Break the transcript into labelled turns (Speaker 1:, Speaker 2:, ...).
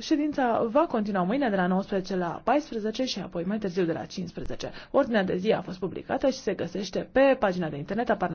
Speaker 1: Ședința va continua mâine de la 19 la 14 și apoi mai târziu de la 15. Ordinea de zi a fost publicată și se găsește pe pagina de internet a